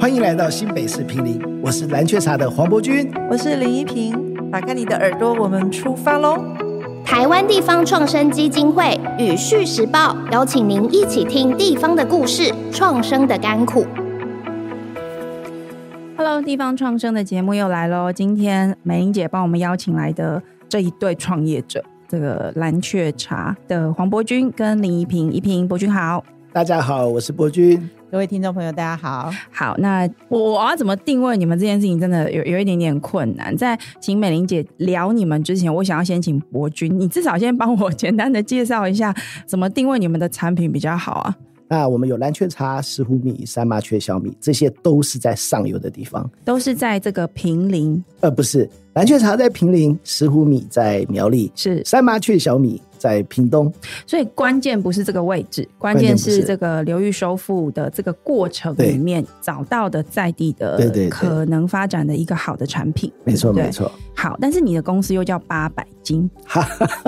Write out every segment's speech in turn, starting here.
歡迎來到新北市坪林，我是藍鵲茶的黃柏鈞，我是林宜平。打開你的耳朵，我們出發嘍！台灣地方創生基金會與《旭時報》邀請您一起聽地方的故事，創生的甘苦。Hello，地方創生的節目又來嘍！今天美伶姐幫我們邀請來的這一對創業者，這個藍鵲茶的黃柏鈞跟林宜平，宜平柏鈞好，大家好，我是柏鈞。各位聽眾朋友，大家好。好，那我我要怎麼定位你們這件事情，真的有有一點點困難。在請美伶姐聊你們之前，我想要先請柏鈞，你至少先幫我簡單的介紹一下，怎麼定位你們的產品比較好啊？那我們有藍鵲茶、石虎米、山麻雀小米，這些都是在上游的地方，都是在這個坪林，呃，不是。藍雀茶在坪林，石虎米在苗栗，是山麻雀小米在屏東。所以關鍵不是這個位置，關鍵是這個流域收復的這個過程裡面找到的在地的可能發展的一個好的產品。沒錯，沒錯。好，但是你的公司又叫八百金，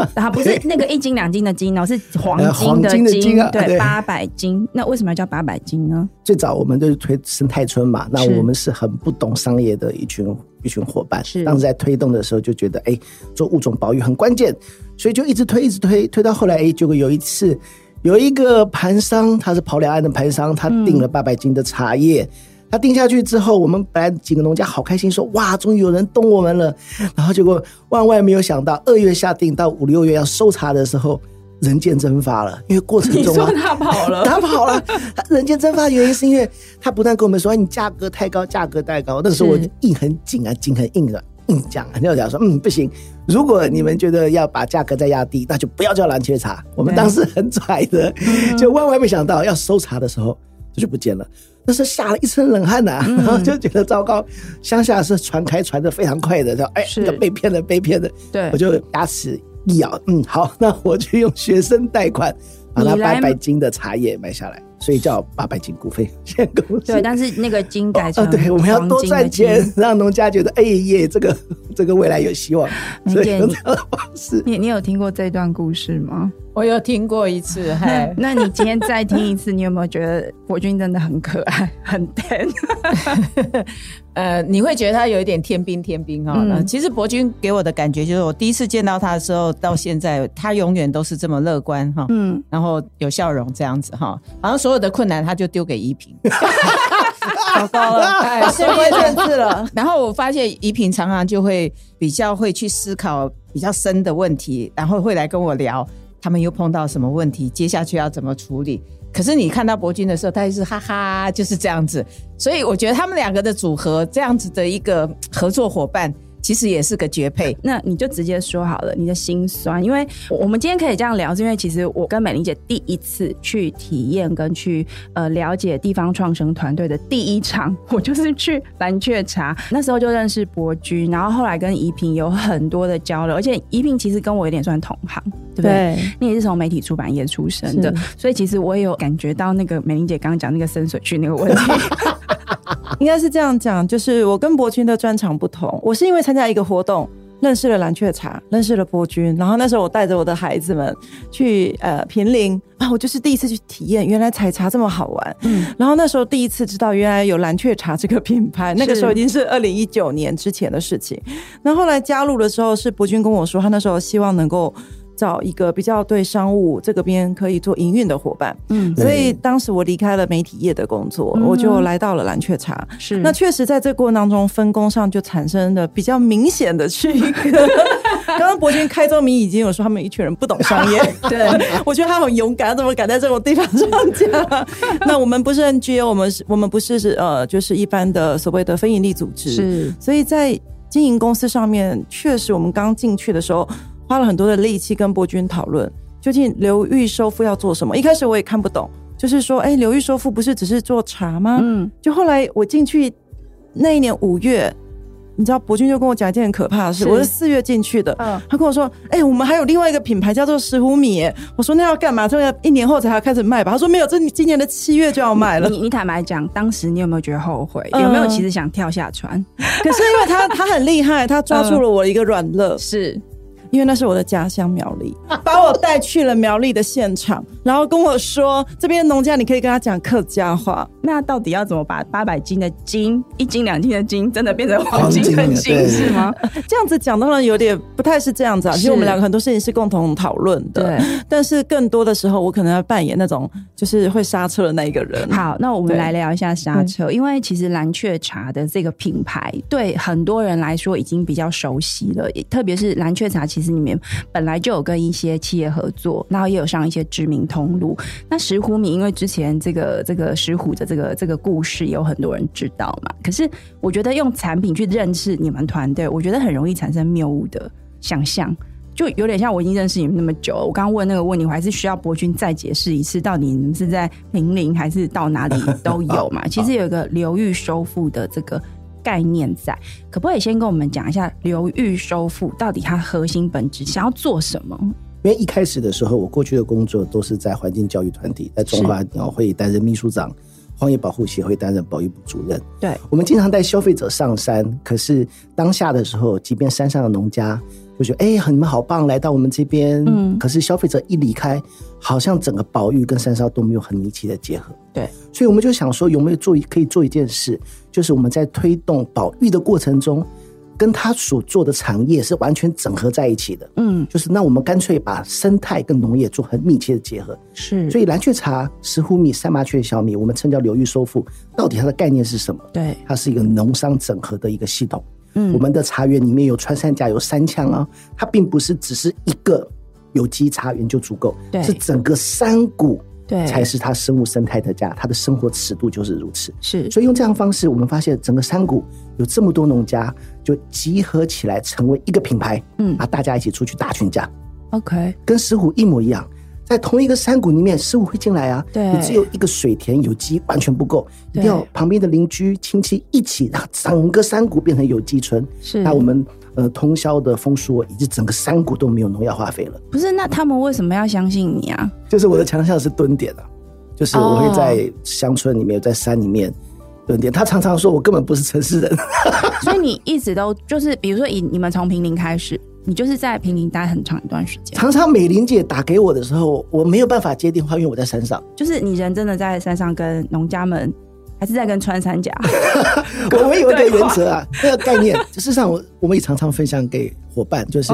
啊， 不是那個一斤兩斤的斤哦、喔，是黃金的金，呃黃金的金啊、對，八百金。那為什麼要叫八百金呢？最早我們就是推生態村嘛，那我們是很不懂商業的一群。一群夥伴是當時在推動的時候就覺得，哎，做物種保育很關鍵，所以就一直推，一直推，推到後來，哎，結果有一次有一個盤商，他是跑兩岸的盤商，他訂了八百斤的茶葉，他、嗯、訂下去之後，我們本來幾個農家好開心說，說哇，終於有人動我們了，然後結果萬萬沒有想到，二月下訂到五六月要收茶的時候。人間蒸發了，因為過程中、啊、他跑了 他跑、啊，他跑了，人間蒸發的原因是因為他不斷跟我們說：“ 啊、你價格太高，價格太高。”那時候我就硬很緊啊，緊很硬的、啊、硬講、啊，尿講說：“嗯，不行，如果你們覺得要把價格再壓低、嗯，那就不要叫藍鵲茶。”我們當時很拽的，就萬萬沒想到、嗯、要收茶的時候，就不見了，那時候嚇了一身冷汗吶、啊嗯，然後就覺得糟糕。鄉下是傳開傳得非常快的，說：“哎、欸，要被騙的，被騙的。”對我就牙齒一咬，嗯，好，那我去用學生貸款把那八百斤的茶葉買下來，來，所以叫八百金股份有限公司。對，但是那個金改成黃金的金，、哦、對，我們要多賺錢，讓農家覺得哎耶、欸欸，這個這個未來有希望。所以這樣的方式、欸、你你，你有聽過這段故事嗎？我有聽過一次，嘿， 那你今天再聽一次， 你有沒有覺得柏鈞真的很可愛，很甜？ 呃，你會覺得他有一點天兵天兵哈、嗯。其實柏鈞給我的感覺就是，我第一次見到他的時候，到現在他永遠都是這麼樂觀哈，嗯，然後有笑容這樣子哈，好像所有的困難他就丟給宜平，太 高 糕了，太善變政治了。 然後我發現宜平常常就會比較會去思考比較深的問題，然後會來跟我聊。他們又碰到什麼問題？接下去要怎麼處理？可是你看到柏鈞的時候，他就是哈哈，就是這樣子。所以我覺得他們兩個的組合，這樣子的一個合作夥伴。其實也是個絕配。那你就直接說好了，你的心酸。因為我們今天可以這樣聊，是因為其實我跟美伶姐第一次去體驗跟去呃了解地方創生團隊的第一場，我就是去藍鵲茶。那時候就認識柏鈞，然後後來跟宜平有很多的交流，而且宜平其實跟我有點算同行，對不對？你也是從媒體出版業出身的，所以其實我也有感覺到那個美伶姐剛剛講那個深水區那個問題。 應該是這樣講，就是我跟柏鈞的專長不同，我是因為參加一個活動認識了藍鵲茶，認識了柏鈞，然後那時候我帶着我的孩子們去呃坪林，啊，我就是第一次去體驗，原來採茶這麼好玩，嗯，然後那時候第一次知道原來有藍鵲茶這個品牌，那個時候已經是二零一九年之前的事情，那後，後來加入的時候是柏鈞跟我說，他那時候希望能夠。找一個比較對商務這個邊可以做營運的夥伴，嗯，所以當時我離開了媒體業的工作，嗯，我就來到了藍鵲茶。是，那確實在這過程當中分工上就產生了比較明顯的，是一個。剛剛柏鈞開宗明義已經有說他們一群人不懂商業， 對， 我覺得他很勇敢，怎麼敢在這種地方上架？ 那我們不是 NGO，我們是，我們不是是呃，就是一般的所謂的非營利組織，是。所以在經營公司上面，確實我們剛進去的時候。花了很多的力氣跟柏鈞討論究竟流域收復，要做什麼。一開始我也看不懂，就是說，哎、欸，流域收復不是只是做茶嗎？嗯，就後來我進去那一年五月，你知道柏鈞就跟我講一件很可怕的事。是我是四月進去的，嗯，他跟我說，哎、欸，我們還有另外一個品牌叫做石虎米。我說那要幹嘛？這個一年後才要開始賣吧？他說沒有，這今年的七月就要賣了。你你坦白講，當時你有沒有覺得後悔、嗯？有沒有其實想跳下船？可是因為他他很厲害，他抓住了我一個軟肋、嗯，是。因為那是我的家鄉苗栗，把我帶去了苗栗的現場，然後跟我說這邊農家你可以跟他講客家話。那到底要怎麼把八百斤的斤，一斤兩斤的斤，真的變成黃金的金是嗎、哦？這樣子講的話有點不太是這樣子啊。其實我們兩個很多事情是共同討論的，對。但是更多的時候，我可能要扮演那種就是會剎車的那一個人。好，那我們來聊一下剎車，因為其實藍鵲茶的這個品牌對很多人來說已經比較熟悉了，也特別是藍鵲茶其實。其實裡面本來就有跟一些企業合作，然後也有上一些知名通路。那石虎米，因為之前這個這個石虎的這個這個故事有很多人知道嘛。可是我覺得用產品去認識你們團隊，我覺得很容易產生謬誤的想象，就有點像我已經認識你們那麼久了。我剛剛問那個問題，我還是需要柏鈞再解釋一次，到底你們是在坪林還是到哪裡都有嘛？ 其實有一個流域收復的這個。概念在，可不可以先跟我們講一下流域收復到底它核心本質想要做什麼？因為一開始的時候，我過去的工作都是在環境教育團體，在中華鳥會擔任秘書長，荒野保護協會擔任保育部主任。對，我們經常帶消費者上山，可是當下的時候，即便山上的農家就說：“哎、欸，你們好棒，來到我們這邊。”嗯，可是消費者一離開，好像整個保育跟山上都沒有很密切的結合。對，所以我們就想說，有沒有做一可以做一件事，就是我們在推動保育的過程中，跟他所做的產業是完全整合在一起的。嗯，就是那我們乾脆把生態跟農業做很密切的結合。是，所以藍鵲茶、石虎米、山麻雀小米，我們稱叫流域收復，到底它的概念是什麼？對，它是一個農商整合的一個系統。嗯，我們的茶園裡面有穿山甲、有山羌啊，它並不是只是一個有機茶園就足夠，對，是整個山谷。對，才是他生物生態的家，他的生活尺度就是如此。是，所以用這樣的方式，我們發現整個山谷有這麼多農家，就集合起來成為一個品牌。嗯，啊，大家一起出去打群架。OK，跟石虎一模一樣，在同一個山谷裡面，石虎會進來啊。對，你只有一個水田有機完全不夠，一定要旁邊的鄰居親戚一起，讓整個山谷變成有機村。是，那我們。呃，通宵的豐收，以及整個山谷都沒有農藥化肥了。不是，那他們為什麼要相信你啊？嗯、就是我的強項是蹲點啊，就是我會在鄉村裡面，oh. 在山裡面蹲點。他常常說我根本不是城市人 ，所以你一直都就是，比如說以你們從坪林開始，你就是在坪林待很長一段時間。常常美伶姐打給我的時候，我沒有辦法接電話，因為我在山上。就是你人真的在山上跟農家們。還是在跟穿山甲， 我們有一個原則啊，這 個概念。事實上我，我我們也常常分享給伙伴，就是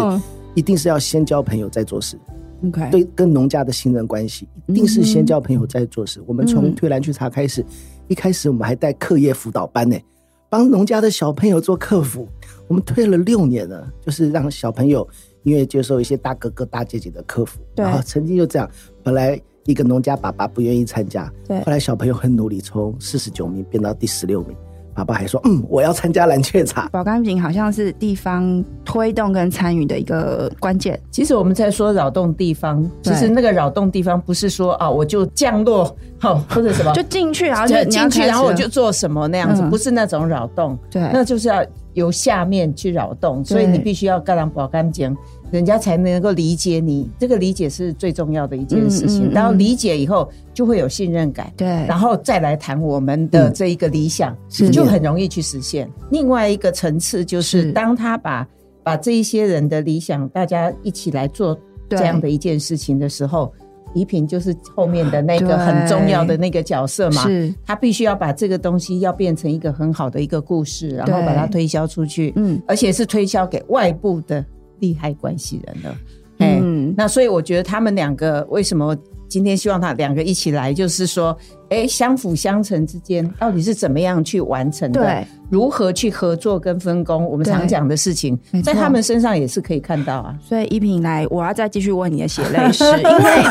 一定是要先交朋友再做事。嗯、對，okay. 跟農家的信任關係，一定是先交朋友再做事。嗯、我們從推藍鵲茶開始、嗯，一開始我們還帶課業輔導班呢、欸，幫農家的小朋友做客服。我們推了六年了，就是讓小朋友因為接受一些大哥哥大姐姐的客服。對啊，曾經就這樣，本來。一個農家爸爸不願意參加，對。後來小朋友很努力，從四十九名變到第十六名。爸爸還說：“嗯，我要參加藍鵲茶。」搏感情好像是地方推動跟參與的一個關鍵。其實我們在說擾動地方，其實、就是、那個擾動地方不是說啊、哦，我就降落好、哦、或者什麼， 就進去然後進去然後我就做什麼那樣子，嗯、不是那種擾動。對，那就是要由下面去擾動，所以你必須要干上搏感情。人家才能夠理解你，這個理解是最重要的一件事情。然、嗯、後、嗯嗯、理解以後，就會有信任感。對，然後再來談我們的這一個理想，嗯、你就很容易去實現。另外一個層次就是，當他把把這一些人的理想，大家一起來做這樣的一件事情的時候，宜平就是後面的那個很重要的那個角色嘛。是，他必須要把這個東西要變成一個很好的一個故事，然後把它推銷出去。嗯，而且是推銷給外部的利害關係人了，嗯，那所以我覺得他們兩個為什麼？今天希望他兩個一起來，就是說，哎、欸，相輔相成之間到底是怎麼樣去完成的？對，如何去合作跟分工？我們常講的事情，在他們身上也是可以看到啊。所以宜平來，我要再繼續問你的血淚史， 因為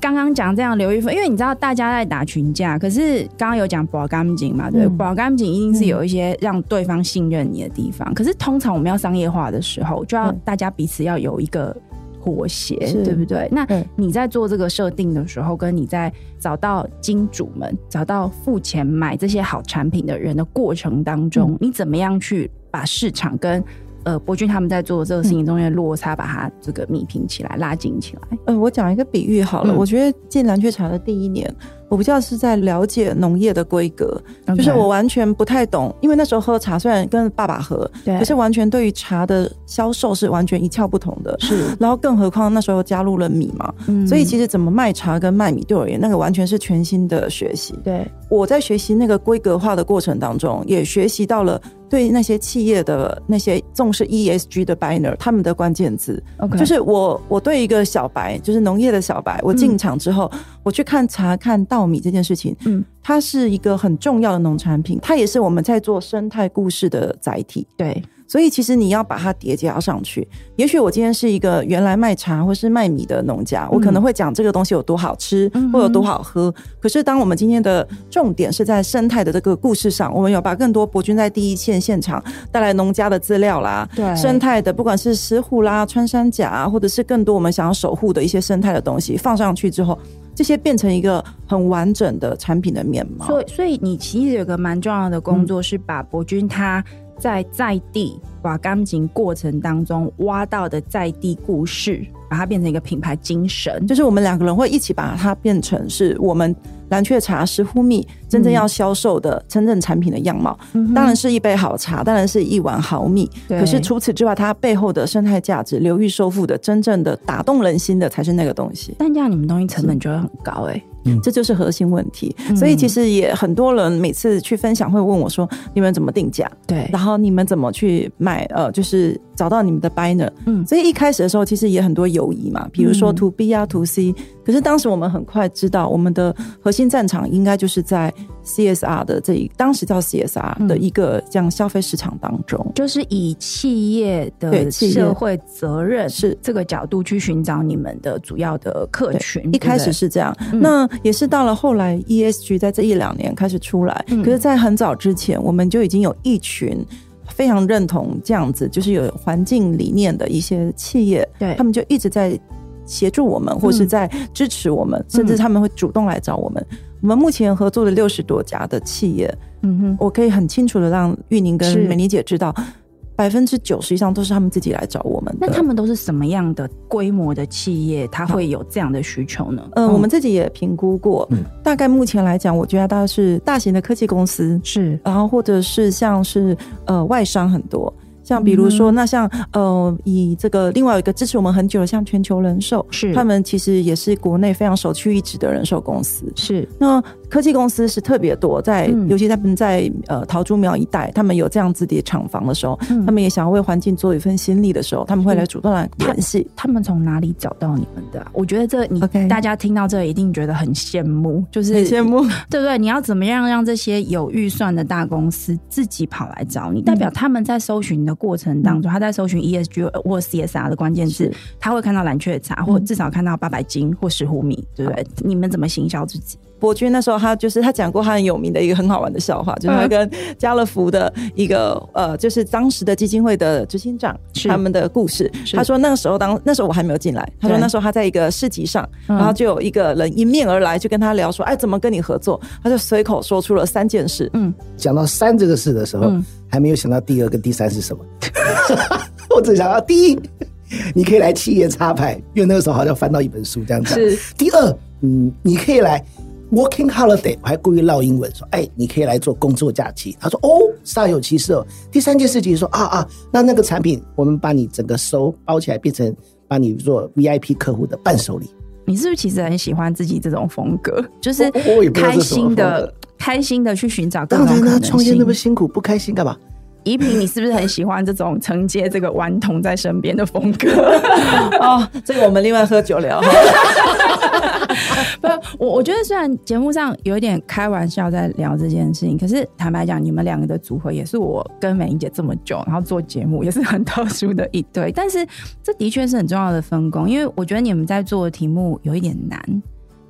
剛剛講這樣，劉玉峰，因為你知道大家在打群架，可是剛剛有講夥伴關係嘛？對，夥伴關係一定是有一些讓對方信任你的地方、嗯。可是通常我們要商業化的時候，就要大家彼此要有一個。妥協，對不對？那你在做這個設定的時候、嗯，跟你在找到金主們、找到付錢買這些好產品的人的過程當中，嗯、你怎麼樣去把市場跟呃，柏鈞他們在做這個事情中間落差，把它這個彌平起來，拉近起來。呃，我講一個比喻好了，嗯、我覺得進藍鵲茶的第一年，我不知道是在了解農業的規格，okay. 就是我完全不太懂，因為那時候喝茶雖然跟爸爸喝，對，可是完全對於茶的銷售是完全一竅不通的。是，然後更何況那時候加入了米嘛，嗯，所以其實怎麼賣茶跟賣米，對我而言那個完全是全新的學習。對，我在學習那個規格化的過程當中，也學習到了。對那些企業的那些重視 ESG 的 biner，他們的關鍵字、okay. 就是我我對一個小白，就是農業的小白，我進場之後，嗯、我去看查看稻米這件事情，嗯，它是一個很重要的農產品，它也是我們在做生態故事的載體，對。所以其實你要把它疊加上去。也許我今天是一個原來賣茶或是賣米的農家，嗯、我可能會講這個東西有多好吃，嗯、或有多好喝。可是當我們今天的重點是在生態的這個故事上，我們有把更多柏鈞在第一線現場帶來農家的資料啦，對生態的，不管是石虎啦、穿山甲，啊，或者是更多我們想要守護的一些生態的東西放上去之後，這些變成一個很完整的產品的面貌。所以，所以你其實有一個蠻重要的工作是把柏鈞他、嗯。在在地。把鋼琴過程當中挖到的在地故事，把它變成一個品牌精神，就是我們兩個人會一起把它變成是我們藍鵲茶石虎米真正要銷售的真正產品的樣貌，嗯。當然是一杯好茶，當然是一碗好米。可是除此之外，它背後的生態價值、流域收復的真正的打動人心的才是那個東西。但這樣你們東西成本就會很高哎，欸，嗯，這就是核心問題，嗯。所以其實也很多人每次去分享會問我說：“你們怎麼定價？”對。然後你們怎麼去賣？呃，就是找到你們的 buyer 嗯，所以一開始的時候其實也很多游移嘛，比如說 to B 啊，to C、嗯、可是當時我們很快知道，我們的核心戰場應該就是在 CSR 的這一，當時叫 CSR 的一個這樣消費市場當中、嗯，就是以企業的社會責任是這個角度去尋找你們的主要的客群。一開始是這樣、嗯，那也是到了後來 ESG 在這一兩年開始出來、嗯，可是在很早之前我們就已經有一群。非常認同這樣子，就是有環境理念的一些企業，對，他們就一直在協助我們，或是在支持我們、嗯，甚至他們會主動來找我們。嗯、我們目前合作了六十多家的企業，嗯哼，我可以很清楚的讓玉寧跟美伶姐知道。百分之九十以上都是他們自己來找我們的。那他們都是什麼樣的規模的企業？他會有這樣的需求呢？呃、嗯，我們自己也評估過、嗯，大概目前來講，我覺得大概是大型的科技公司，是，然後或者是像是，呃，外商很多。像比如說，嗯、那像呃，以這個另外有一個支持我們很久的，像全球人壽，是他們其實也是國內非常首屈一指的人壽公司。是那科技公司是特別多，在，嗯、尤其他們在呃桃竹苗一帶，他們有這樣子的廠房的時候，嗯，他們也想要為環境做一份心力的時候，他們會來主動來聯繫，嗯。他們從哪裡找到你們的，啊？我覺得這你，okay. 大家聽到這一定覺得很羨慕，就是很羨慕，對不對，對？你要怎麼樣讓這些有預算的大公司自己跑來找你？嗯，代表他們在搜尋的過程當中，他在搜尋 ESG 或 CSR 的關鍵字，他會看到藍鵲茶，或至少看到八百金或石虎米，對不對？你們怎麼行銷自己？柏鈞那時候，他就是他講過他很有名的一個很好玩的笑話，就是他跟家樂福的一個、嗯、呃，就是當時的基金會的執行長他們的故事。他說那個時候當，當那時候我還沒有進來，他說那時候他在一個市集上，然後就有一個人迎面而來，就跟他聊說、嗯：“哎，怎麼跟你合作？”他就隨口說出了三件事。嗯，講到三這個事的時候、嗯，還沒有想到第二跟第三是什麼。 我只想到第一，你可以來企業插牌，因為那個時候好像翻到一本書這樣子。是第二，嗯，你可以來。Working holiday，我還故意繞英文說：“哎、欸，你可以來做工作假期。”他說：“哦，煞有其事哦。”第三件事情說：“啊啊，那那個產品，我們把你整個收包起來，變成幫你做 VIP 客戶的伴手禮。”你是不是其實很喜歡自己這種風格，就是，是開心的、開心的去尋找更多可能性？當然，他創業那麼辛苦，不開心幹嘛？宜平，你是不是很喜歡這種承接這個頑童在身邊的風格？哦，這個我們另外喝酒聊。不， 我我覺得雖然節目上有一點開玩笑在聊這件事情，可是坦白講，你們兩個的組合也是我跟美伶姐這麼久，然後做節目也是很特殊的一對。 但是這的確是很重要的分工，因為我覺得你們在做的題目有一點難。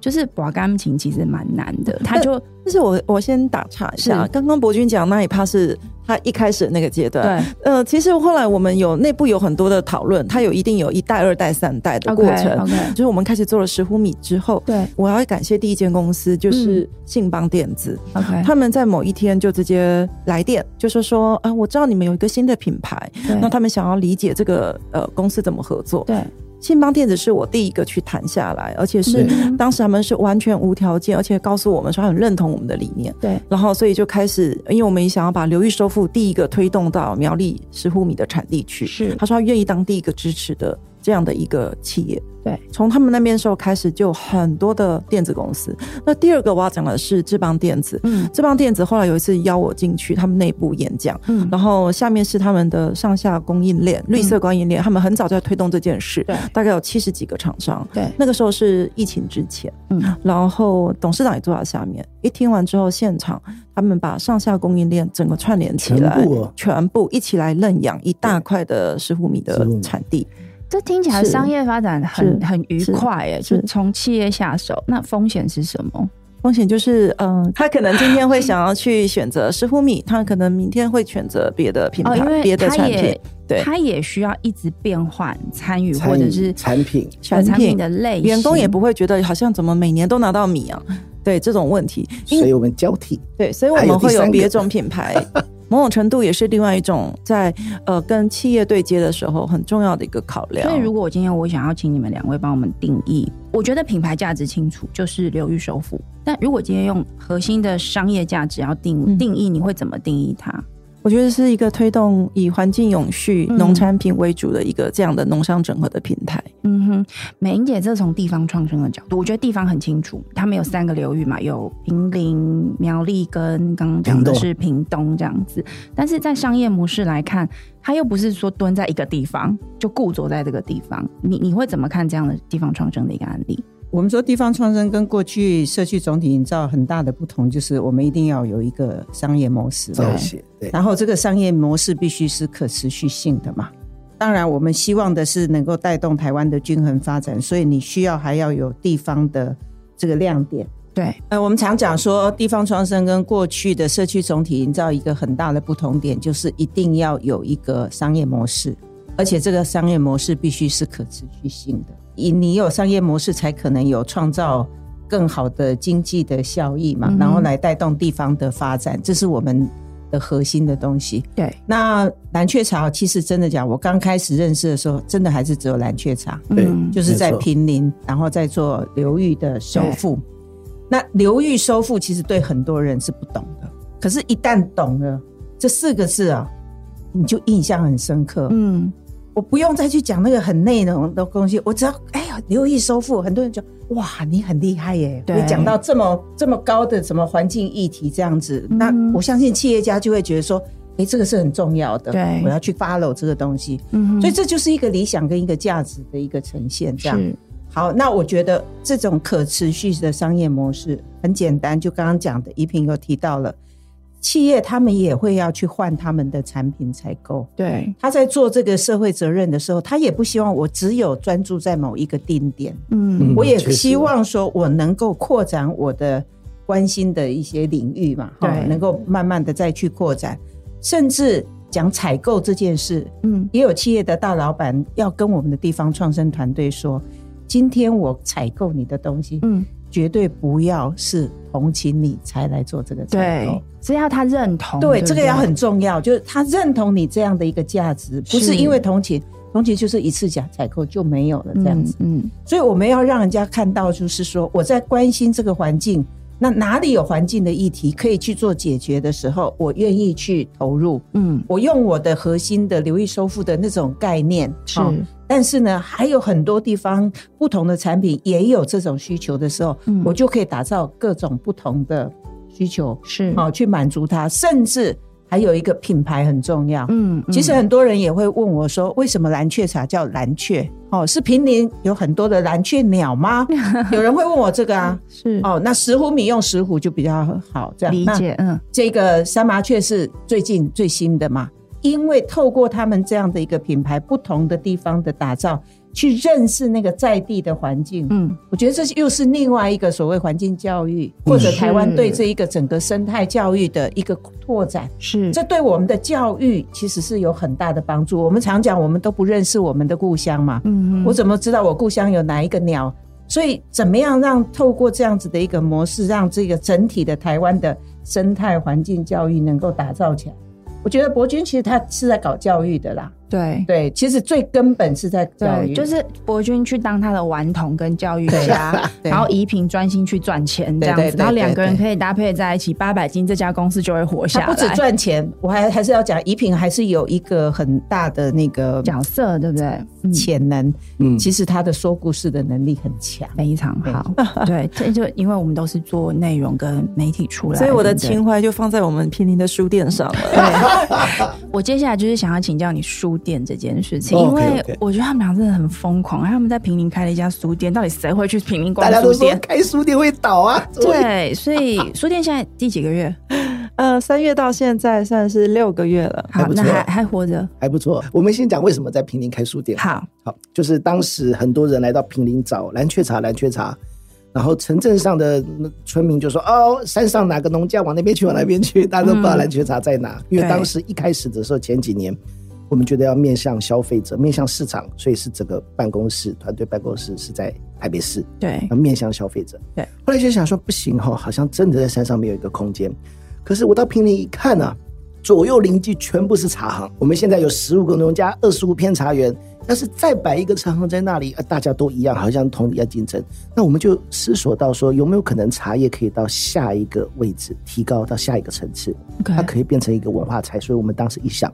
就是玩鋼琴其實蠻難的，他就就是我我先打岔一下，剛剛柏鈞講那一趴是他一開始的那個階段，對，呃，其實後來我們有內部有很多的討論，他有一定有一代、二代、三代的過程 okay, okay 就是我們開始做了石虎米之後，對，我要感謝第一間公司就是信邦電子、嗯 okay、他們在某一天就直接來電，就是說，說，啊、呃，我知道你們有一個新的品牌，那他們想要理解這個呃公司怎麼合作，對。信邦電子是我第一個去談下來，而且是當時他們是完全無條件，而且告訴我們說他很認同我們的理念。對，然後所以就開始，因為我們也想要把流域收復，第一個推動到苗栗石虎米的產地去，是他說他願意當第一個支持的。這樣的一個企業，對，從他們那邊時候開始就很多的電子公司。那第二個我要講的是智邦電子，嗯，智邦電子後來有一次邀我進去他們內部演講，嗯，然後下面是他們的上下供應鏈、嗯、綠色供應鏈，嗯，他們很早就在推動這件事，對，大概有七十幾個廠商，對，那個時候是疫情之前，嗯，然後董事長也坐在下面，嗯、一聽完之後，現場他們把上下供應鏈整個串聯起來全部，全部一起來認養一大塊的石虎米的產地。這聽起來商業發展很很愉快哎，就從企業下手，那風險是什麼？風險就是，嗯、呃，他可能今天會想要去選擇石虎米， 他可能明天會選擇別的品牌，哦、別的產品，對，他也需要一直變換參與或者是產品產品的類型，員工也不會覺得好像怎麼每年都拿到米啊，對這種問題，所以我們交替，對，所以我們會有別種品牌。 某種程度也是另外一種在呃跟企業對接的時候很重要的一個考量。所以，如果我今天我想要請你們兩位幫我們定義，我覺得品牌價值清楚就是流域收復。但如果今天用核心的商業價值要定義、嗯、定義，你會怎麼定義它？我覺得是一個推動以環境永續、農產品為主的一個這樣的農商整合的平台。嗯哼，美伶姐，這從地方創生的角度，我覺得地方很清楚，他們有三個流域嘛，有坪林、苗栗跟剛剛講的是屏東這樣子。但是在商業模式來看，它又不是說蹲在一個地方就固着在這個地方，你你會怎麼看這樣的地方創生的一個案例？我們說地方創生跟過去社區總體營造很大的不同，就是我們一定要有一個商業模式，對，對。然後這個商業模式必須是可持續性的嘛。當然，我們希望的是能夠帶動台灣的均衡發展，所以你需要還要有地方的這個亮點。對，呃，我們常講說地方創生跟過去的社區總體營造一個很大的不同點，就是一定要有一個商業模式，而且這個商業模式必須是可持續性的。以你有商業模式，才可能有創造更好的經濟的效益嘛，嗯嗯，然後來帶動地方的發展，這是我們的核心的東西。對，那藍鵲茶其實真的講，我剛開始認識的時候，真的還是只有藍鵲茶，對，就是在坪林，然後在做流域的收復。那流域收復其實對很多人是不懂的，可是一旦懂了這四個字啊，你就印象很深刻。嗯。我不用再去講那個很內容的東西，我只要哎呀流域收復，很多人就哇，你很厲害耶！對，講到這麼這麼高的什麼環境議題這樣子，嗯，那我相信企業家就會覺得說，哎、欸，這個是很重要的，對，我要去 follow 這個東西。嗯，所以這就是一個理想跟一個價值的一個呈現，這樣。好，那我覺得這種可持續的商業模式很簡單，就剛剛講的，宜平有提到了。企業他們也會要去換他們的產品採購，對。他在做這個社會責任的時候，他也不希望我只有專注在某一個定點，嗯，我也希望說我能夠擴展我的關心的一些領域嘛，對，能夠慢慢的再去擴展。甚至講採購這件事，嗯，也有企業的大老板要跟我們的地方創生團隊說，今天我採購你的東西，嗯。絕對不要是同情你才來做這個採購，只要他認同，對、對、對，這個也很重要，就是他認同你這樣的一個價值，不是因為同情，同情就是一次假採購就沒有了這樣子嗯。嗯，所以我們要讓人家看到，就是說我在關心這個環境，那哪裡有環境的議題可以去做解決的時候，我願意去投入。嗯，我用我的核心的流域收復的那種概念是。但是呢，還有很多地方不同的產品也有這種需求的時候，嗯、我就可以打造各種不同的需求，是好、哦、去滿足它。甚至還有一個品牌很重要，嗯。嗯，其實很多人也會問我說，為什麼藍鵲茶叫藍鵲？哦，是坪林有很多的藍鵲鳥嗎？ 有人會問我這個啊，是哦。那石虎米用石虎就比較好，這樣理解。嗯，這個山麻雀是最近最新的嗎？因為透過他們這樣的一個品牌，不同的地方的打造，去認識那個在地的環境。嗯，我覺得這又是另外一個所謂環境教育，或者台灣對這一個整個生態教育的一個拓展。是，這對我們的教育其實是有很大的幫助。我們常講，我們都不認識我們的故鄉嘛。嗯，我怎麼知道我故鄉有哪一個鳥？所以，怎麼樣讓透過這樣子的一個模式，讓這個整體的台灣的生態環境教育能夠打造起來？我覺得柏鈞其實他是在搞教育的啦。對對，其實最根本是在教育，就是柏鈞去當他的頑童跟教育家，然後宜平專心去賺錢這樣子，對對對對，然後兩個人可以搭配在一起，八百金這家公司就會活下來。不止賺錢，我還還是要講宜平還是有一個很大的那個角色，對不對？潛、嗯、能，嗯，其實他的說故事的能力很強，非常好。 對，這就因為我們都是做內容跟媒體出來，所以我的情懷就放在我們坪林的書店上了。對 我接下來就是想要請教你書。店這件事情，因為我覺得他們倆真的很瘋狂 okay, okay。他們在坪林開了一家書店，到底誰會去坪林逛書店？大家都說開書店會倒啊。 對，所以 書店現在第幾個月？呃，三月到現在算是六個月了，還不錯。好，那還還活着，還不錯。我們先講為什麼在坪林開書店。好，好，就是當時很多人來到坪林找藍鵲茶，藍鵲茶。然後城鎮上的村民就說：“哦，山上哪個農家往那邊去、嗯，往那邊去。”大家都不知道藍鵲茶在哪，嗯、因為當時一開始的時候前幾年。我們覺得要面向消費者，面向市場，所以是整個辦公室、團隊辦公室是在台北市。對，要面向消費者。對。後來就想說不行哈、哦，好像真的在山上沒有一個空間。可是我到坪林一看、啊、左右鄰居全部是茶行。我們現在有十五個農家，二十五片茶園。但是再擺一個茶行在那裡、呃，大家都一樣，好像同一樣競爭。那我們就思索到說，有沒有可能茶葉可以到下一個位置，提高到下一個層次？Okay. 它可以變成一個文化財。所以我們當時一想。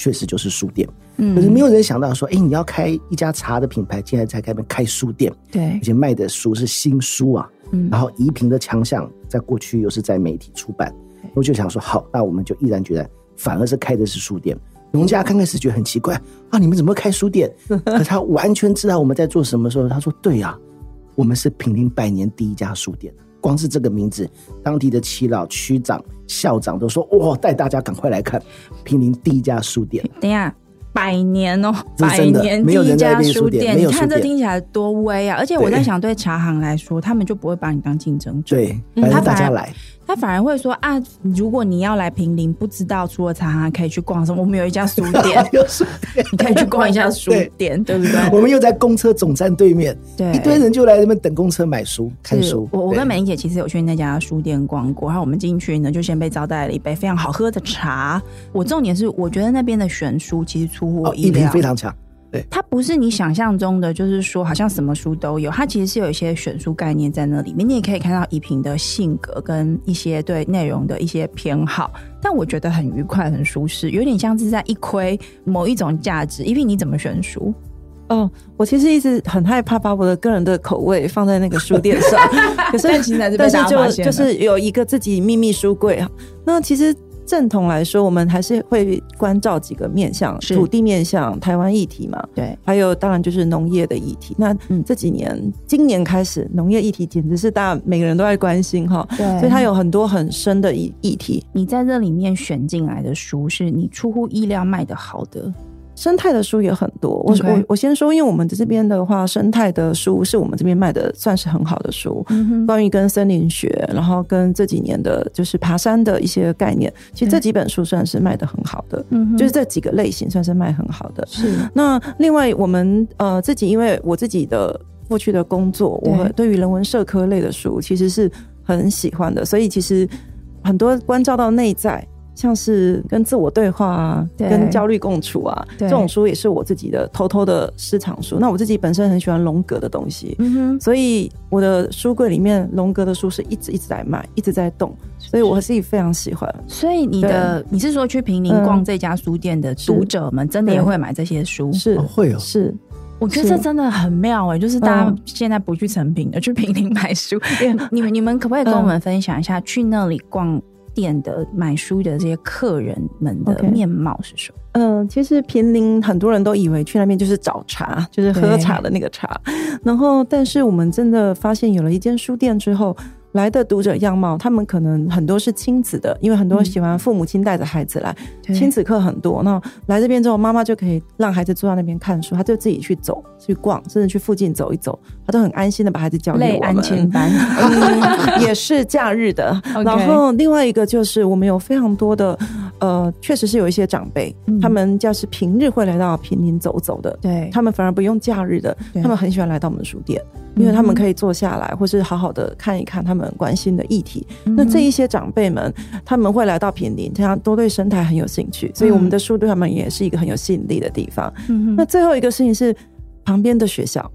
確實就是書店、嗯，可是沒有人想到說，哎、欸，你要開一家茶的品牌，竟然在那邊開書店，對，而且賣的書是新書啊。嗯、然後宜平的強項在過去又是在媒體出版，我就想說，好，那我們就毅然決然，反而是開的是書店。農家剛開始覺得很奇怪啊，你們怎麼開書店？可他完全知道我們在做什麼時候， 他說，對啊，我們是坪林百年第一家書店，光是這個名字，當地的耆老區長。校長都說：“哇，帶大家趕快來看，坪林第一家書店。等一下，百年哦、喔，百年第一家書店，書，店書店，你看這聽起來多威啊！而且我在想，對茶行來說，他們就不會把你當競爭者。對，反正大家來。嗯”他反而會說啊，如果你要來坪林，不知道除了茶、啊、可以去逛什麼？我們有一家書店， 有書店 你可以去逛一下書店。對，對不對？我們又在公車總站對面，對，一堆人就來這邊等公車買書、看書。我我跟美伶姐其實有去那家書店逛過，然後我們進去呢，就先被招待了一杯非常好喝的茶。我重點是，我覺得那邊的選書其實出乎我意料，哦、一瓶非常強。對，它不是你想象中的，就是說好像什麼書都有。它其實是有一些選書概念在那裡面，你也可以看到宜平的性格跟一些對內容的一些偏好。但我覺得很愉快、很舒適，有點像是在一窺某一種價值。宜平，你怎麼選書？哦，我其實一直很害怕把我的個人的口味放在那個書店上， 可是， 但其實還是被大家發現了。但是就，就是有一個自己秘密書櫃啊。那其實。正統來說，我們還是會關照幾個面向，土地面向、台灣議題嘛，對，還有當然就是農業的議題。那這幾年，嗯、今年開始，農業議題簡直是大家每個人都在關心哈，對，所以它有很多很深的議議題。你在這裡面選進來的書，是你出乎意料賣得好的。生態的書也很多，我、Okay. 我我先說，因為我們這邊的話，生態的書是我們這邊賣的，算是很好的書。嗯、關於跟森林學，然後跟這幾年的，就是爬山的一些概念，其實這幾本書算是賣得很好的，嗯，就是這幾個類型算是賣很好的，是那另外我們呃自己，因為我自己的過去的工作，對我對於人文社科類的書其實是很喜歡的，所以其實很多關照到內在，像是跟自我對話啊，啊跟焦慮共處啊，這種書也是我自己的偷偷的私藏書。那我自己本身很喜歡榮格的東西、嗯，所以我的書櫃裡面榮格的書是一直一直在買，一直在動，所以我自己非常喜歡。是是所以你的你是說去坪林逛這家書店的讀者們，真的也會買這些書？嗯、是，是、哦、會、哦、是，我覺得這真的很妙哎、欸！就是大家現在不去誠品的，而、嗯、去坪林買書， yeah. 你們你們可不可以跟我們分享一下、嗯、去那裡逛？店的買書的這些客人們的面貌是什麼？嗯、okay. 呃，其實坪林很多人都以為去那邊就是找茶，就是喝茶的那個茶。然後，但是我們真的發現，有了一間書店之後，來的讀者樣貌，他們可能很多是親子的，因為很多喜歡父母親帶着孩子來，嗯、親子課很多。那來這邊之後，媽媽就可以讓孩子坐在那邊看書，他就自己去走，去逛，甚至去附近走一走，他都很安心的把孩子交給我們累，安全班、 嗯、也是假日的。Okay. 然後另外一個就是，我們有非常多的呃，確實是有一些長輩，嗯、他們就是平日會來到坪林走走的。對，他們反而不用假日的，他們很喜歡來到我們的書店，因為他們可以坐下來，嗯、或是好好的看一看他們們關心的議題，那這一些長輩們他們會來到坪林，他都對生態很有興趣，所以我們的書對他們也是一個很有吸引力的地方。嗯、那最後一個事情是旁邊的學校，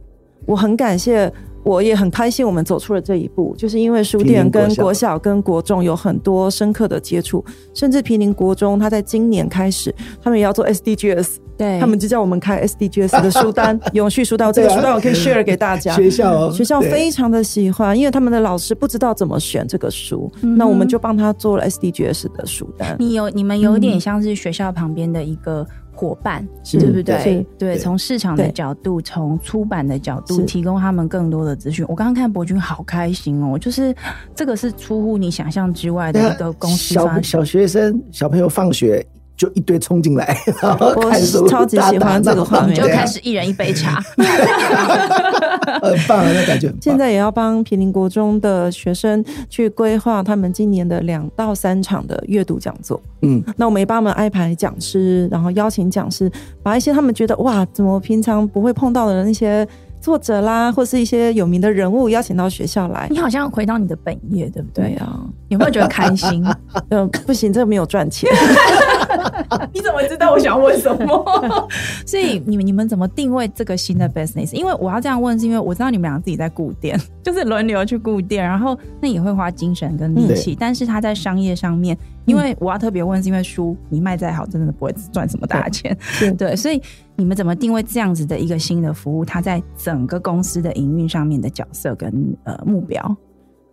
我很感謝。我也很開心，我們走出了這一步，就是因為書店跟國小跟國中有很多深刻的接觸，甚至坪林國中，他在今年開始，他們也要做 SDGs，對，他們就叫我們開 SDGs 的書單， 永續書單這個書單我可以 share 給大家。嗯、學校、哦、學校非常的喜歡，因為他們的老師不知道怎麼選這個書，嗯、那我們就幫他做了 SDGs 的書單。你有你們有點像是學校旁邊的一個。伙伴，嗯、對不對，對？對，從市場的角度，從出版的角度，提供他們更多的資訊。我剛剛看柏鈞好開心哦，就是這個是出乎你想象之外的一個公司。小小學生、小朋友放學，就一堆衝進來，我超級喜歡這個畫面，打打就開始一人一杯茶， 對 很棒的 感覺。現在也要幫坪林國中的學生去規劃他們今年的兩到三場的閱讀講座。嗯，那我們也幫他們安排講師，然後邀請講師把一些他們覺得哇，怎麼平常不會碰到的那些作者啦，或是一些有名的人物邀請到學校來。你好像要回到你的本業，對不對啊？嗯、你有沒有覺得開心？嗯、 呃，不行，這個沒有賺錢。 你怎麼知道我想問什麼？ 所以你們你們怎麼定位這個新的 business？因為我要這樣問，是因為我知道你們倆自己在顧店，就是輪流去顧店，然後那也會花精神跟力氣，嗯。但是他在商業上面，因為我要特別問，是因為書你賣再好，真的不會賺什麼大錢，對對。所以你們怎麼定位這樣子的一個新的服務？他在整個公司的營運上面的角色跟呃目標？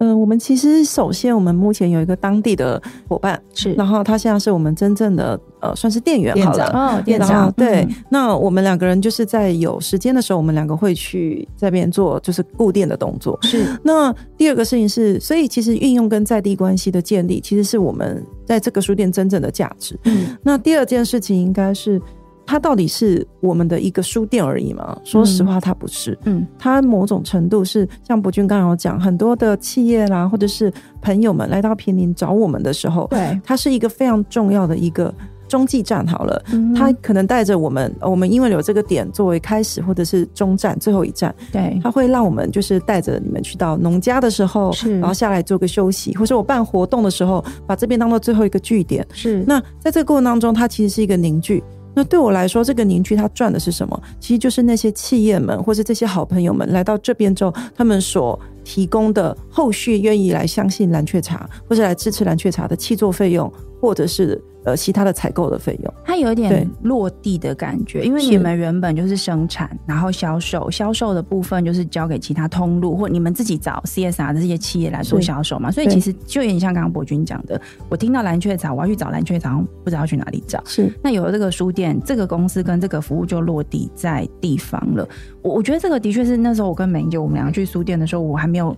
嗯、呃，我們其實首先，我們目前有一個當地的夥伴，是，然後他現在是我們真正的呃，算是店員店長哦店長、嗯、對。那我們兩個人就是在有時間的時候，我們兩個會去在那邊做就是顧店的動作。是。那第二個事情是，所以其實運用跟在地關係的建立，其實是我們在這個書店真正的價值。嗯。那第二件事情應該是。它到底是我們的一個書店而已嘛、嗯？說實話，它不是。嗯，它某種程度是像柏鈞剛剛有講，很多的企業啦，或者是朋友們來到坪林找我們的時候，對，它是一個非常重要的一個中繼站。好了、嗯，它可能帶着我們，我們因為有這個點作為開始，或者是中站、最後一站。對，它會讓我們就是帶着你們去到農家的時候是，然後下來做個休息，或者我辦活動的時候，把這邊當做最後一個據點。是，那在這個過程當中，它其實是一個凝聚。那對我來說，這個凝聚他賺的是什麼？其實就是那些企業們，或是這些好朋友們來到這邊之後，他們所提供的後續願意來相信藍鵲茶，或是來支持藍鵲茶的契作費用，或者是。呃，其他的採購的費用，它有一點落地的感覺，因為你們原本就是生產，然後銷售，銷售的部分就是交給其他通路或你們自己找 CSR 的這些企業來做銷售嘛，所以其實就有點像剛剛柏鈞講的，我聽到藍鵲茶，我要去找藍鵲茶，不知道去哪裡找。是，那有了這個書店，這個公司跟這個服務就落地在地方了。我我覺得這個的確是那時候我跟美伶姐我們兩個去書店的時候，嗯、我還沒有。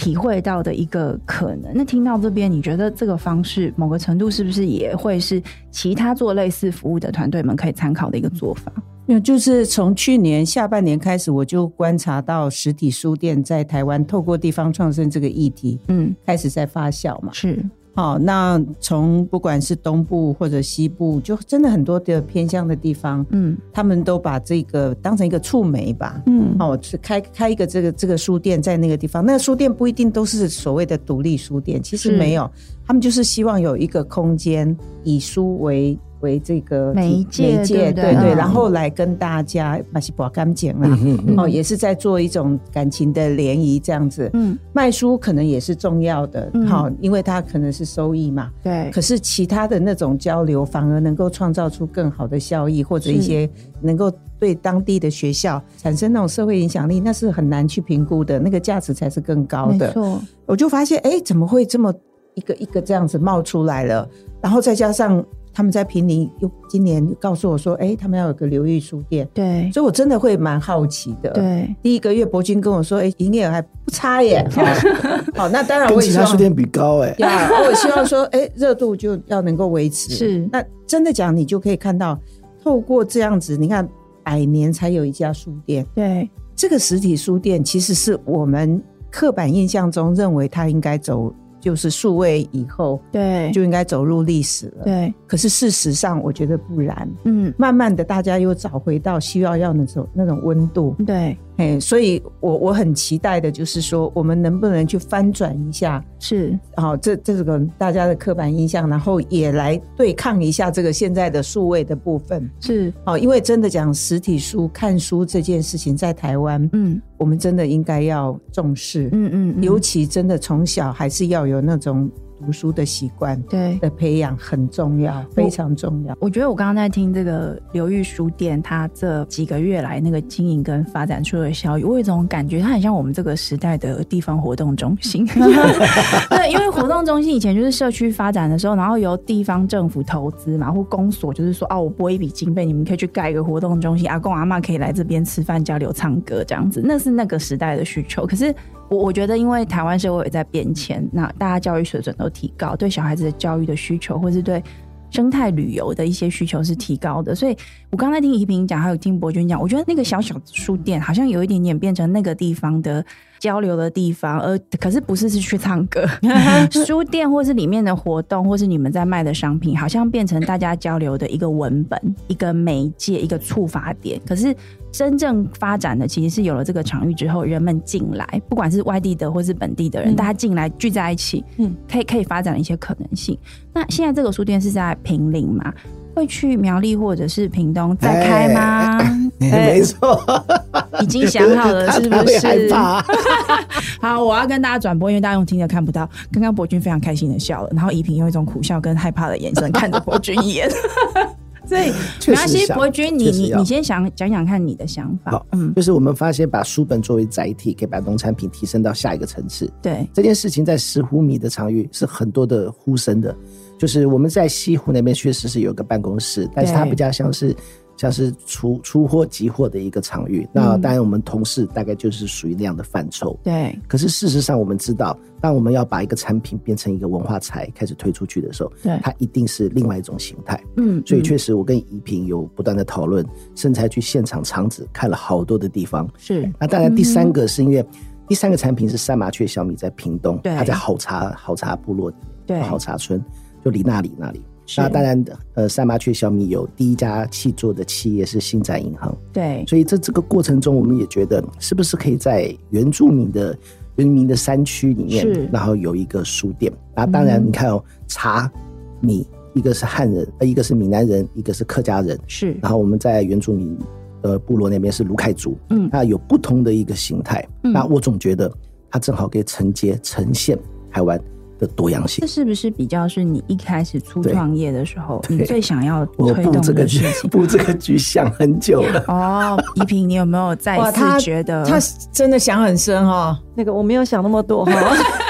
體會到的一個可能，那聽到這邊，你覺得這個方式某個程度是不是也會是其他做類似服務的團隊們可以參考的一個做法？嗯，就是從去年下半年開始，我就觀察到實體書店在台灣透過地方創生這個議題，嗯，開始在發酵嘛，是。好、哦，那從不管是東部或者西部，就真的很多的偏向的地方，嗯，他們都把這個當成一個觸媒吧，嗯，好、哦，開開一個這個這個書店在那個地方，那個書店不一定都是所謂的獨立書店，其實沒有，他們就是希望有一個空間，以書為。為這個媒介媒介，媒介，對對，對、嗯，然後來跟大家把些報刊簡啊，也是在做一種感情的聯誼這樣子。嗯，賣書可能也是重要的，好、嗯，因為它可能是收益嘛。對、嗯。可是其他的那種交流，反而能夠創造出更好的效益，或者一些能夠對當地的學校產生那種社會影響力，那是很難去評估的，那個價值才是更高的。沒錯。我就發現，哎，怎麼會這麼一個一個這樣子冒出來了？然後再加上。他們在坪林又今年告訴我說，哎、欸，他們要有一個流域書店，對，所以我真的會蠻好奇的。對，第一個月，柏鈞跟我說，哎、欸，營業額還不差耶，好， 好，那當然我跟其他書店比高哎，yeah, 我希望說，哎、欸，熱度就要能夠維持。是，那真的講，你就可以看到，透過這樣子，你看百年才有一家書店，對，這個實體書店其實是我們刻板印象中認為它應該走。就是數位以後，對，就應該走入歷史了。對，可是事實上我覺得不然。嗯，慢慢的大家又找回到需要要那種那種溫度。對。所以我我很期待的就是說，我們能不能去翻轉一下？是，好、哦，這這是個大家的刻板印象，然後也來對抗一下這個現在的數位的部分。是，好、哦，因為真的講實體書、看書這件事情，在台灣，嗯，我們真的應該要重視，嗯嗯，嗯，尤其真的從小還是要有那種。讀書的習慣，對的培養很重要，非常重要。我，我覺得我剛剛在聽這個流域書店，它這幾個月來那個經營跟發展出的效益，我有一種感覺，它很像我們這個時代的地方活動中心。 對，因為活動中心以前就是社區發展的時候，然後由地方政府投資嘛，或公所就是說，哦、啊，我撥一筆經費，你們可以去蓋一個活動中心，阿公阿嬤可以來這邊吃飯、交流、唱歌這樣子，那是那個時代的需求。可是。我我覺得，因為台灣社會也在變遷，那大家教育水準都提高，對小孩子的教育的需求，或是對生態旅遊的一些需求是提高的，所以。我剛才聽宜平講，還有聽柏鈞講，我覺得那個小小書店好像有一點點變成那個地方的交流的地方，而可是不是是去唱歌， 書店或是裡面的活動，或是你們在賣的商品，好像變成大家交流的一個文本、一個媒介、一個觸發點。可是真正發展的其實是有了這個場域之後，人們進來，不管是外地的或是本地的人，嗯、大家進來聚在一起，嗯，可以可以發展一些可能性、嗯。那現在這個書店是在坪林嗎？會去苗栗或者是屏東再開嗎？欸欸欸、沒錯，已經想好了，是不是？啊、 好，我要跟大家轉播，因為大家用聽的看不到。剛剛柏鈞非常開心的笑了，然後宜平用一種苦笑跟害怕的眼神 看着柏鈞一眼。 所以，沒關係，柏鈞，你你你先想講講看你的想法。嗯，就是我們發現把書本作為載體，可以把農產品提升到下一個層次。對，這件事情在石虎米的場域是很多的呼聲的。就是我們在西湖那邊確實是有一個辦公室、嗯，但是它比較像是像是出出貨集貨的一個場域。嗯、那當然，我們同事大概就是屬於那樣的範疇。對。可是事實上，我們知道，當我們要把一個產品變成一個文化財開始推出去的時候，它一定是另外一種形態。嗯。所以確實，我跟宜平有不斷的討論、嗯，甚至還去現場,場場子看了好多的地方。是。那當然，第三個是因為、嗯、第三個產品是山麻雀小米在屏東，對它在好茶好茶部落對好茶村。就離那裡那裡，那當然呃，山麻雀小米有第一家契作的企業是星展銀行，對。所以在這個過程中，我們也覺得是不是可以在原住民的原民的山區裡面，然後有一個書店。那當然，你看哦，嗯、茶米一個是漢人，呃、一個是閩南人，一個是客家人，是。然後我們在原住民呃部落那邊是魯凱族，嗯，那有不同的一個形態、嗯。那我總覺得它正好可以承接呈現台灣。嗯的多樣性，這是不是比較是你一開始初創業的時候，你最想要推動這個局勢？布這個局 想很久了 哦。宜平，你有沒有再次覺得他，他真的想很深哈、哦？ 那個我沒有想那麼多哈、哦。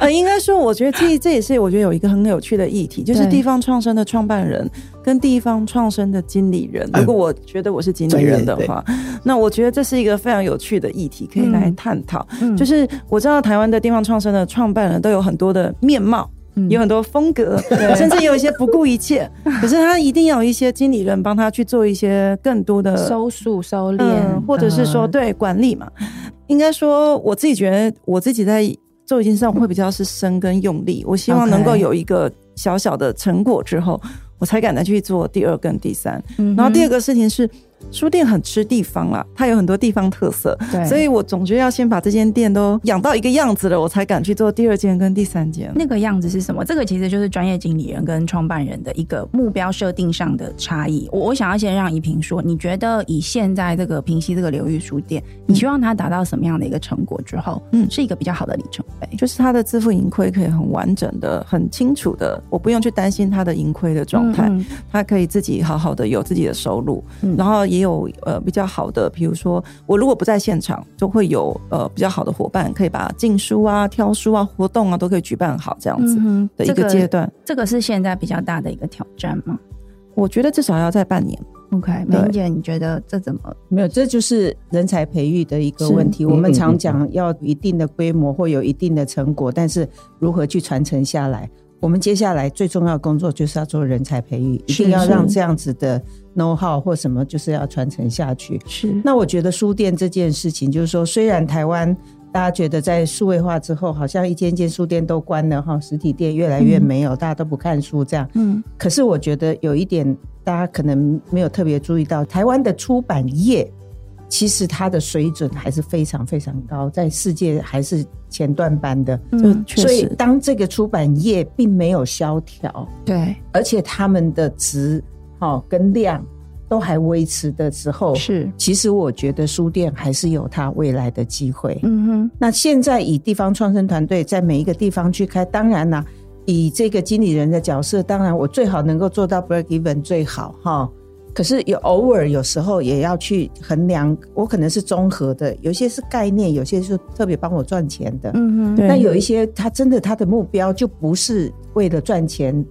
呃，應該說，我覺得這這也是我覺得有一個很有趣的議題，就是地方創生的創辦人跟地方創生的經理人。如果我覺得我是經理人的話，那我覺得這是一個非常有趣的議題，可以來探討、嗯嗯。就是我知道台灣的地方創生的創辦人都有很多的面貌，嗯、有很多風格，甚至有一些不顧一切。 可是他一定要有一些經理人幫他去做一些更多的收束、收斂、呃，或者是說、嗯、對管理嘛。應該說，我自己覺得我自己在。做一件事我會比較是深跟用力，我希望能夠有一個小小的成果之後，Okay. 我才敢再去做第二跟第三。嗯。然後第二個事情是。書店很吃地方啦，它有很多地方特色，對，所以我總覺得要先把這間店都養到一個樣子了，我才敢去做第二間跟第三間。那個樣子是什麼？這個其實就是專業經理人跟創辦人的一個目標設定上的差異。我我想要先讓宜平說，你覺得以現在這個坪林這個流域書店，你希望它達到什麼樣的一個成果之後，嗯，是一個比較好的里程碑，就是它的自負盈虧可以很完整的、很清楚的，我不用去擔心它的盈虧的狀態，嗯嗯、它可以自己好好的有自己的收入，嗯、然後。也有呃，比較好的，比如說我如果不在現場，就會有呃，比較好的夥伴，可以把進書啊、挑書啊、活動啊都可以舉辦好，這樣子的一個階段。嗯哼，這個，一個階段。這個，這個是現在比較大的一個挑戰嗎？我覺得至少要再半年。OK，美伶姐，你覺得這怎麼？沒有，這就是人才培育的一個問題。我們常講要一定的規模或有一定的成果，但是如何去傳承下來？我們接下來最重要的工作就是要做人才培育，一定要讓這樣子的 know how 或什麼，就是要傳承下去。是，那我覺得書店這件事情，就是說，雖然台灣大家覺得在數位化之後，好像一間間書店都關了哈，實體店越來越沒有，嗯，大家都不看書這樣。嗯，可是我覺得有一點大家可能沒有特別注意到，台灣的出版業。其實它的水準還是非常非常高，在世界還是前段班的。嗯，確實。所以當這個出版業並沒有蕭條，對、嗯，而且他們的值哈、哦、跟量都還維持的時候，是。其實我覺得書店還是有它未來的機會。嗯哼。那現在以地方創生團隊在每一個地方去開，當然呢、啊，以這個經理人的角色，當然我最好能夠做到 break even 最好哈。哦可是有偶爾有時候也要去衡量，我可能是綜合的，有些是概念，有些是特別幫我賺錢的。嗯哼，那有一些他真的他的目標就不是為了賺錢，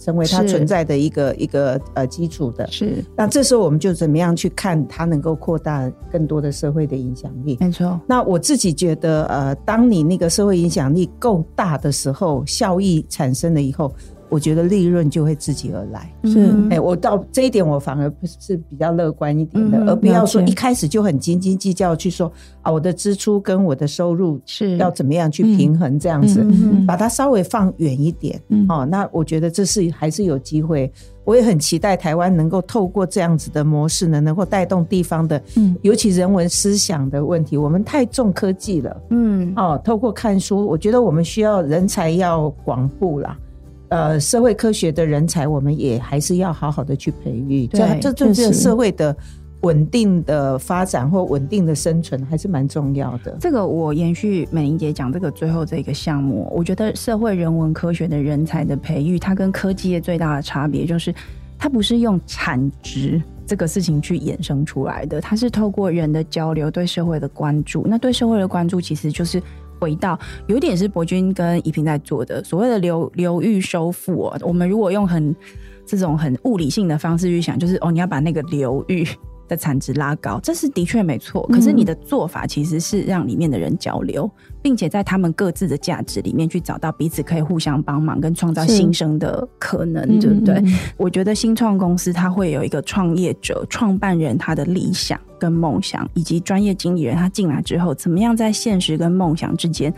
成為他存在的一個一個呃基礎的。是，那這時候我們就怎麼樣去看他能夠擴大更多的社會的影響力？沒錯。那我自己覺得呃，當你那個社會影響力夠大的時候，效益產生了以後。我覺得利潤就會自己而來。是、欸，我到這一點，我反而是比較樂觀一點的，嗯，而不要說一開始就很斤斤計較去說啊，我的支出跟我的收入是要怎麼樣去平衡這樣子，嗯，把它稍微放遠一點，嗯、哦。那我覺得這是還是有機會，嗯，我也很期待台灣能夠透過這樣子的模式呢，能夠帶動地方的，嗯，尤其人文思想的問題，我們太重科技了，嗯，哦，透過看書，我覺得我們需要人才要廣布啦。呃，社會科學的人才，我們也還是要好好的去培育。對，這，這就是社會的穩定的發展或穩定的生存，還是蠻重要的。這個我延續美伶姐講這個最後這個項目，我覺得社會人文科學的人才的培育，它跟科技的最大的差別就是，它不是用產值這個事情去衍生出來的，它是透過人的交流對社會的關注。那對社會的關注，其實就是。回到有點是柏鈞跟宜平在做的所謂的流、流域收復，我們如果用很這種很物理性的方式去想，就是哦，你要把那個流域。的產值拉高，這是的確沒錯。可是你的做法其實是讓裡面的人交流，嗯、並且在他們各自的價值裡面去找到彼此可以互相幫忙跟創造新生的可能，對不對、嗯？我覺得新創公司它會有一個創業者、創辦人他的理想跟夢想，以及專業經理人他進來之後，怎麼樣在現實跟夢想之間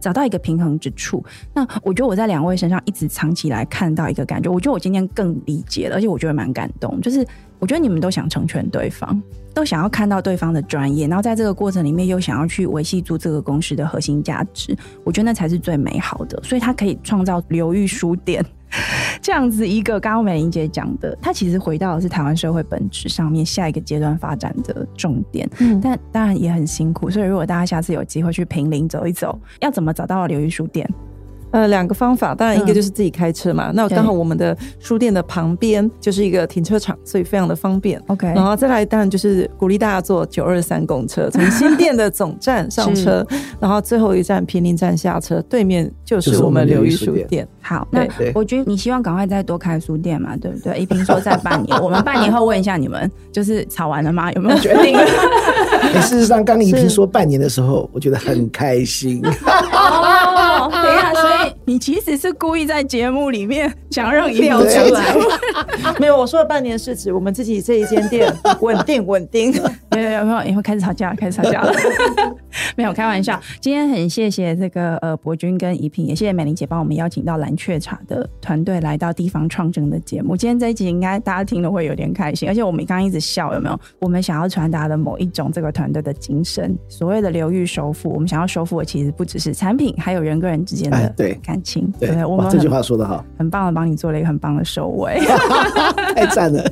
找到一個平衡之處。那我覺得我在兩位身上一直長期來看到一個感覺，我覺得我今天更理解了，而且我覺得蠻感動，就是。我覺得你們都想成全對方，都想要看到對方的專業，然後在這個過程裡面又想要去維繫住這個公司的核心價值。我覺得那才是最美好的，所以它可以創造流域書店這樣子一個。剛剛美伶姐講的，它其實回到的是台灣社會本質上面下一個階段發展的重點。嗯，但當然也很辛苦。所以如果大家下次有機會去坪林走一走，要怎麼找到流域書店？呃，兩個方法，當然一個就是自己開車嘛。嗯、那剛好我們的書店的旁邊就是一個停車場，所以非常的方便。OK，然後再來，當然就是鼓勵大家坐九二三公車，從新店的總站上車， 然後最後一站坪林站下車，對面就是我們流域書、就是、書店。好，okay. 那我覺得你希望趕快再多開書店嘛，對不對？宜平說再半年， 我們半年後問一下你們，就是吵完了嗎？有沒有決定？ 欸、事實上，剛宜平說半年的時候，我覺得很開心。 你其實是故意在節目裡面想讓伊廖出來， 沒有，我說了半年是指我們自己這一間店穩定穩定。定 沒有有沒有以後開始吵架，開始吵架了？吵架了 沒有開玩笑。今天很謝謝這個呃柏鈞跟宜平，也謝謝美伶姐幫我們邀請到藍鵲茶的團隊來到地方創生的節目。今天這一集應該大家聽了會有點開心，而且我們剛剛一直笑，有沒有？我們想要傳達的某一種這個團隊的精神，所謂的流域收復，我們想要收復的其實不只是產品，還有人跟人之間的感、哎、對感。情對,對，我們這句話說得好，很棒的，幫你做了一個很棒的收尾， 太讚了。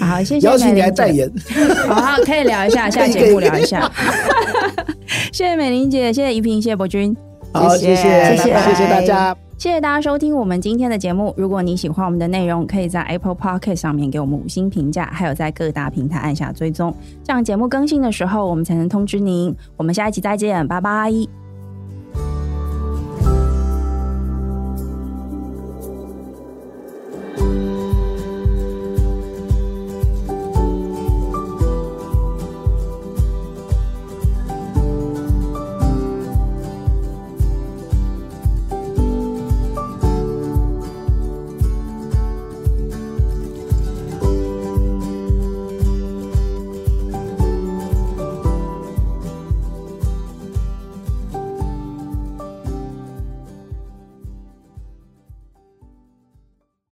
好，謝謝。邀請你還代言， 好好可以聊一下，下節目聊一下。 謝謝美玲姐，謝謝宜平，謝謝柏君，好，謝謝，謝謝，拜拜謝,謝大家、bye，謝謝大家收聽我們今天的節目。如果你喜歡我們的內容，可以在 Apple Podcast 上面給我們五星評價，還有在各大平台按下追蹤，這樣節目更新的時候我們才能通知您。我們下一期再見，拜拜。